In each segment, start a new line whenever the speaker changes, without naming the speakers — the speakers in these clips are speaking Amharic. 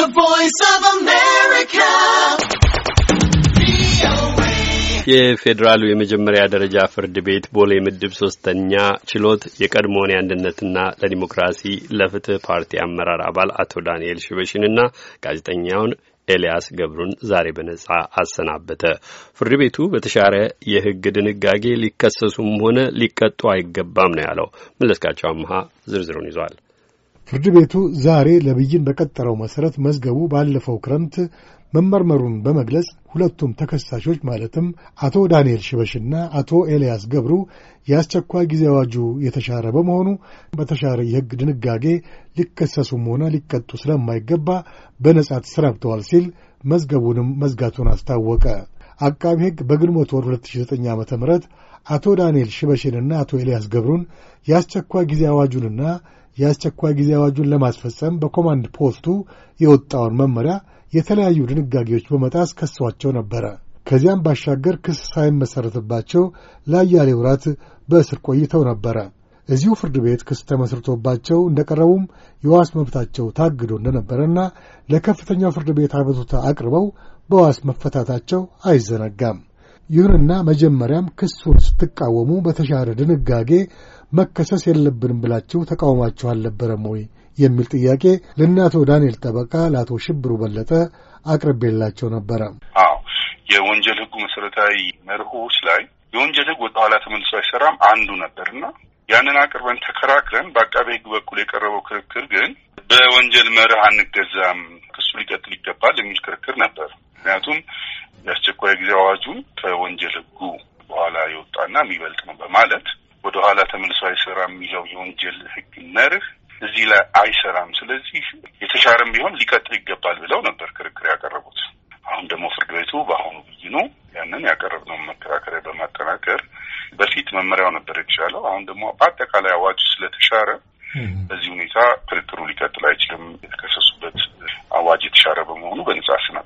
The Voice of America.
የፌዴራሉ የመጀመሪያ ደረጃ ፍርድ ቤት ቦሌ ምድብ ሶስተኛ ችሎት የቀድሞውን የአንድነትና ለዲሞክራሲ ለፍትህ ፓርቲ አመራር አባል አቶ ዳንኤል ሽበሽንና ጋዜጠኛውን ኤልያስ ገብሩን ዛሬ በነጻ አሰናበተ። ፍርድ ቤቱ በተሻረ የህግ ድንጋጌ ሊከሰሱም ሆነ ሊቀጡ አይገባም ነው ያለው። መለስካቸው አምሃ ዝርዝሩን ይዟል።
ፍርድ ቤቱ ዛሬ ለብይን በቀጠረው መሠረት መዝገቡ ባለፈው ክረምት መመርመሩን በመግለጽ ሁለቱም ተከሳሾች ማለትም አቶ ዳንኤል ሽበሽና አቶ ኤልያስ ገብሩ የአስቸኳይ ጊዜ አዋጁ የተሻረ በመሆኑ በተሻረ የሕግ ድንጋጌ ሊከሰሱም ሆነ ሊቀጡ ስለማይገባ በነጻ ተሰናብተዋል ሲል መዝገቡንም መዝጋቱን አስታወቀ። አቃቢ ሕግ በግንቦት ወር 2009 ዓ ም አቶ ዳንኤል ሽበሽንና አቶ ኤልያስ ገብሩን የአስቸኳይ ጊዜ አዋጁንና የአስቸኳይ ጊዜ አዋጁን ለማስፈጸም በኮማንድ ፖስቱ የወጣውን መመሪያ የተለያዩ ድንጋጌዎች በመጣስ ከሰዋቸው ነበረ። ከዚያም ባሻገር ክስ ሳይመሠረትባቸው ለአያሌ ወራት በእስር ቆይተው ነበረ። እዚሁ ፍርድ ቤት ክስ ተመስርቶባቸው እንደቀረቡም የዋስ መብታቸው ታግዶ እንደነበረና ለከፍተኛው ፍርድ ቤት አቤቱታ አቅርበው በዋስ መፈታታቸው አይዘነጋም። ይሁንና መጀመሪያም ክሱን ስትቃወሙ በተሻረ ድንጋጌ መከሰስ የለብንም ብላችሁ ተቃውማችሁ አልነበረም ወይ የሚል ጥያቄ ለእናቶ ዳንኤል ጠበቃ ለአቶ ሽብሩ በለጠ አቅርቤላቸው ነበረ።
አዎ የወንጀል ህጉ መሰረታዊ መርሆች ላይ የወንጀል ህግ ወደ ኋላ ተመልሶ አይሰራም አንዱ ነበርና ያንን አቅርበን ተከራክረን በአቃቤ ህግ በኩል የቀረበው ክርክር ግን በወንጀል መርህ አንገዛም፣ ክሱ ሊቀጥል ይገባል የሚል ክርክር ነበር። ምክንያቱም የአስቸኳይ ጊዜ አዋጁ ከወንጀል ህጉ በኋላ የወጣና የሚበልጥ ነው በማለት ወደኋላ ተመልሶ አይሰራም የሚለው የወንጀል ህግ መርህ እዚህ ላይ አይሰራም። ስለዚህ የተሻረም ቢሆን ሊቀጥል ይገባል ብለው ነበር ክርክር ያቀረቡት። አሁን ደግሞ ፍርድ ቤቱ በአሁኑ ብይኑ ያንን ያቀረብነውን መከራከሪያ በማጠናከር በፊት መመሪያው ነበር የተሻለው፣ አሁን ደግሞ በአጠቃላይ አዋጁ ስለተሻረ በዚህ ሁኔታ ክርክሩ ሊቀጥል አይችልም። የተከሰሱበት አዋጅ የተሻረ በመሆኑ በነጻ ስነ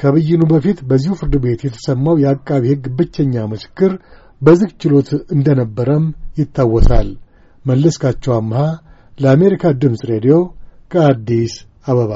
ከብይኑ በፊት በዚሁ ፍርድ ቤት የተሰማው የአቃቢ ሕግ ብቸኛ ምስክር በዝግ ችሎት እንደነበረም ይታወሳል። መለስካቸው አምሃ ለአሜሪካ ድምፅ ሬዲዮ ከአዲስ አበባ